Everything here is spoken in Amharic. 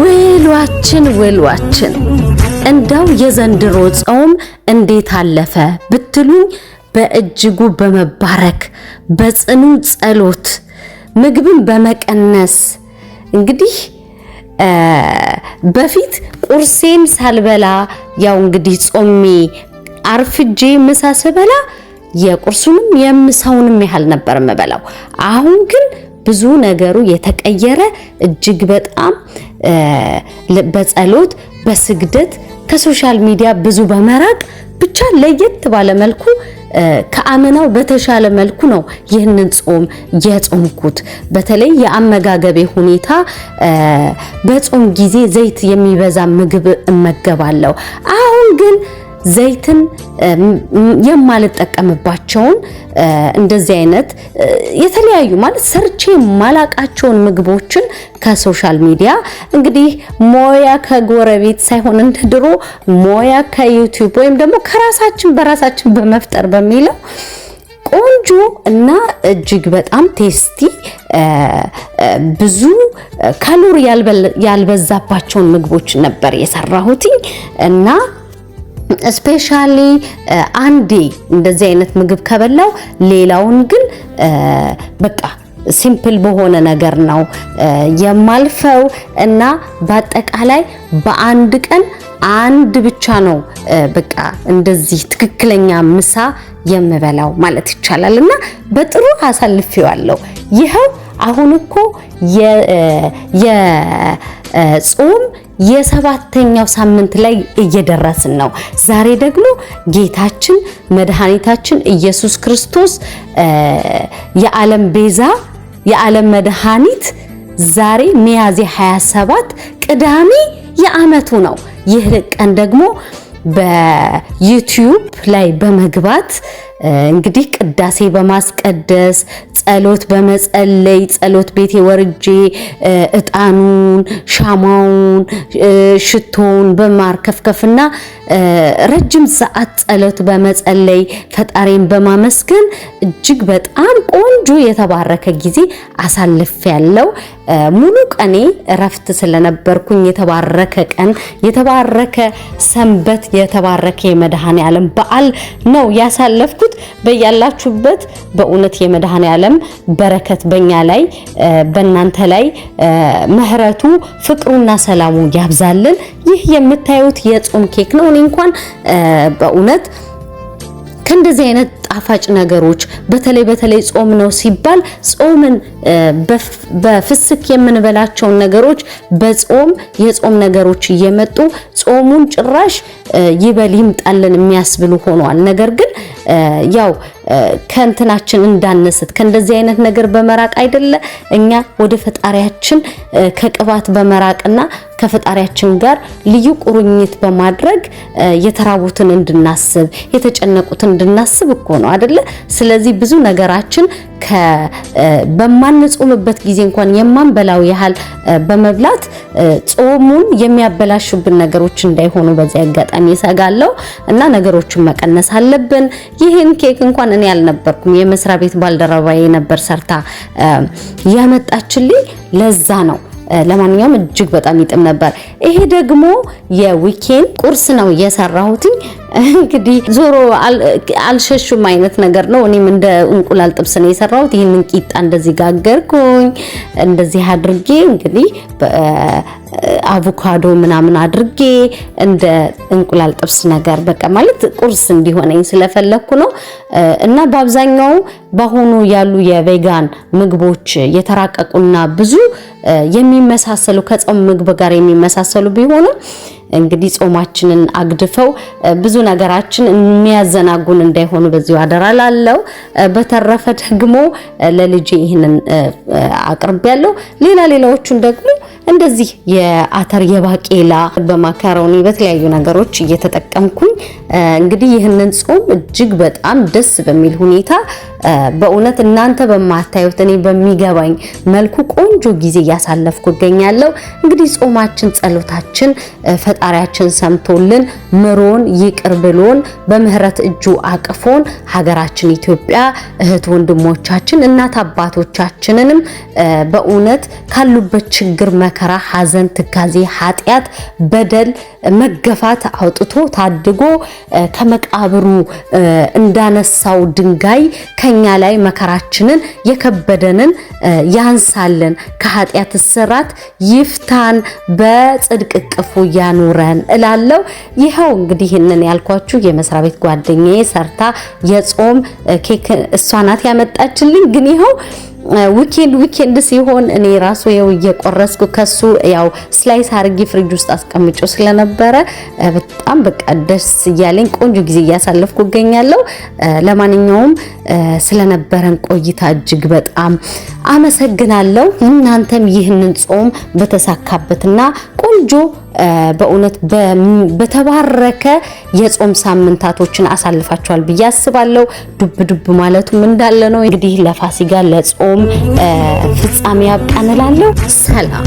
ውሏችን ውሏችን እንደው የዘንድሮ ጾም እንዴት አለፈ ብትሉኝ በእጅጉ በመባረክ በጽኑ ጸሎት ምግብን በመቀነስ እንግዲህ በፊት ቁርሴን ሳልበላ ያው እንግዲህ ጾሜ አርፍጄ ምሳ ስበላ የቁርሱንም የምሳውንም ያህል ነበር የምበላው። አሁን ግን ብዙ ነገሩ የተቀየረ እጅግ በጣም በጸሎት በስግደት ከሶሻል ሚዲያ ብዙ በመራቅ ብቻ ለየት ባለ መልኩ ከአምናው በተሻለ መልኩ ነው ይህንን ጾም የጾምኩት። በተለይ የአመጋገቤ ሁኔታ በጾም ጊዜ ዘይት የሚበዛ ምግብ እመገባለሁ። አሁን ግን ዘይትን የማልጠቀምባቸውን እንደዚህ አይነት የተለያዩ ማለት ሰርቼ የማላቃቸውን ምግቦችን ከሶሻል ሚዲያ እንግዲህ ሞያ ከጎረቤት ሳይሆን እንደ ድሮ ሞያ ከዩቲዩብ ወይም ደግሞ ከራሳችን በራሳችን በመፍጠር በሚለው ቆንጆ እና እጅግ በጣም ቴስቲ ብዙ ካሎሪ ያልበዛባቸውን ምግቦች ነበር የሰራሁት እና ስፔሻሊ አንዴ እንደዚህ አይነት ምግብ ከበላው ሌላውን ግን በቃ ሲምፕል በሆነ ነገር ነው የማልፈው እና በአጠቃላይ በአንድ ቀን አንድ ብቻ ነው በቃ እንደዚህ ትክክለኛ ምሳ የምበላው ማለት ይቻላል እና በጥሩ አሳልፌዋለሁ ይኸው አሁን እኮ የጾም የሰባተኛው ሳምንት ላይ እየደረስን ነው። ዛሬ ደግሞ ጌታችን መድኃኒታችን ኢየሱስ ክርስቶስ የዓለም ቤዛ የዓለም መድኃኒት ዛሬ ሚያዝያ 27 ቅዳሜ የዓመቱ ነው። ይህ ቀን ደግሞ በዩቲዩብ ላይ በመግባት እንግዲህ ቅዳሴ በማስቀደስ ጸሎት በመጸለይ ጸሎት ቤቴ ወርጄ እጣኑን፣ ሻማውን፣ ሽቶውን በማርከፍከፍና ረጅም ሰዓት ጸሎት በመጸለይ ፈጣሪን በማመስገን እጅግ በጣም ቆንጆ የተባረከ ጊዜ አሳልፍ ያለው ሙሉ ቀኔ እረፍት ስለነበርኩኝ የተባረከ ቀን የተባረከ ሰንበት የተባረከ የመድኃኔ ዓለም በዓል ነው ያሳለፍኩት። በያላችሁበት በእውነት የመድኃኔ ዓለም በረከት በእኛ ላይ በእናንተ ላይ ምሕረቱ ፍቅሩና ሰላሙ ያብዛልን። ይህ የምታዩት የጾም ኬክ ነው። እኔ እንኳን በእውነት ከእንደዚህ አይነት ጣፋጭ ነገሮች በተለይ በተለይ ጾም ነው ሲባል ጾምን በፍስክ የምንበላቸውን ነገሮች በጾም የጾም ነገሮች እየመጡ ጾሙን ጭራሽ ይበል ይምጣልን የሚያስብሉ ሆኗል። ነገር ግን ያው ከእንትናችን እንዳነስት ከእንደዚህ አይነት ነገር በመራቅ አይደለ እኛ ወደ ፈጣሪያችን ከቅባት በመራቅና ከፈጣሪያችን ጋር ልዩ ቁርኝት በማድረግ የተራቡትን እንድናስብ የተጨነቁትን እንድናስብ እኮ ነው አደለ? ስለዚህ ብዙ ነገራችን በማንጾምበት ጊዜ እንኳን የማንበላው ያህል በመብላት ጾሙን የሚያበላሹብን ነገሮች እንዳይሆኑ በዚህ አጋጣሚ ይሰጋለው እና ነገሮችን መቀነስ አለብን። ይህን ኬክ እንኳን እኔ አልነበርኩም የመስሪያ ቤት ባልደረባዬ ነበር ሰርታ ያመጣችልኝ። ለዛ ነው ለማንኛውም እጅግ በጣም ይጥም ነበር። ይሄ ደግሞ የዊኬንድ ቁርስ ነው የሰራሁትኝ። እንግዲህ ዞሮ አልሸሹም አይነት ነገር ነው። እኔም እንደ እንቁላል ጥብስ ነው የሰራሁት። ይህንን ቂጣ እንደዚህ ጋገርኩኝ። እንደዚህ አድርጌ እንግዲህ አቮካዶ ምናምን አድርጌ እንደ እንቁላል ጥብስ ነገር በቃ ማለት ቁርስ እንዲሆነኝ ስለፈለግኩ ነው። እና በአብዛኛው በአሁኑ ያሉ የቬጋን ምግቦች የተራቀቁና ብዙ የሚመሳሰሉ ከጾም ምግብ ጋር የሚመሳሰሉ ቢሆኑም እንግዲህ ጾማችንን አግድፈው ብዙ ነገራችን የሚያዘናጉን እንዳይሆኑ በዚሁ አደራ ላለው። በተረፈ ደግሞ ለልጄ ይህንን አቅርቤያለሁ። ሌላ ሌላዎቹን ደግሞ እንደዚህ የአተር የባቄላ በማካሮኒ በተለያዩ ነገሮች እየተጠቀምኩኝ እንግዲህ ይህንን ጾም እጅግ በጣም ደስ በሚል ሁኔታ በእውነት እናንተ በማታዩት እኔ በሚገባኝ መልኩ ቆንጆ ጊዜ እያሳለፍኩ እገኛለሁ። እንግዲህ ጾማችን፣ ጸሎታችን ፈጣሪያችን ሰምቶልን ምሮን ይቅር ብሎን በምህረት እጁ አቅፎን ሀገራችን ኢትዮጵያ እህት ወንድሞቻችን እናት አባቶቻችንንም በእውነት ካሉበት ችግር፣ መከራ፣ ሀዘን ትካዜ፣ ኃጢአት፣ በደል፣ መገፋት አውጥቶ ታድጎ ከመቃብሩ እንዳነሳው ድንጋይ ከኛ ላይ መከራችንን የከበደንን ያንሳልን፣ ከኃጢአት እስራት ይፍታን፣ በጽድቅ እቅፉ ያኑረን እላለው። ይኸው እንግዲህ ይህንን ያልኳችሁ የመስሪያ ቤት ጓደኛዬ ሰርታ የጾም ኬክ እሷ ናት ያመጣችልኝ። ግን ይኸው ዊኬንድ ዊኬንድ ሲሆን እኔ ራሱ ያው እየቆረስኩ ከሱ ያው ስላይስ አርጊ ፍሪጅ ውስጥ አስቀምጮ ስለነበረ በጣም በቃ ደስ እያለኝ ቆንጆ ጊዜ እያሳለፍኩ እገኛለሁ። ለማንኛውም ስለነበረን ቆይታ እጅግ በጣም አመሰግናለሁ። እናንተም ይህንን ጾም በተሳካበትና ቆንጆ በእውነት በተባረከ የጾም ሳምንታቶችን አሳልፋቸዋል ብዬ አስባለሁ። ዱብ ዱብ ማለቱም እንዳለ ነው። እንግዲህ ለፋሲጋ ለጾም ፍጻሜ ያብቃን እላለሁ። ሰላም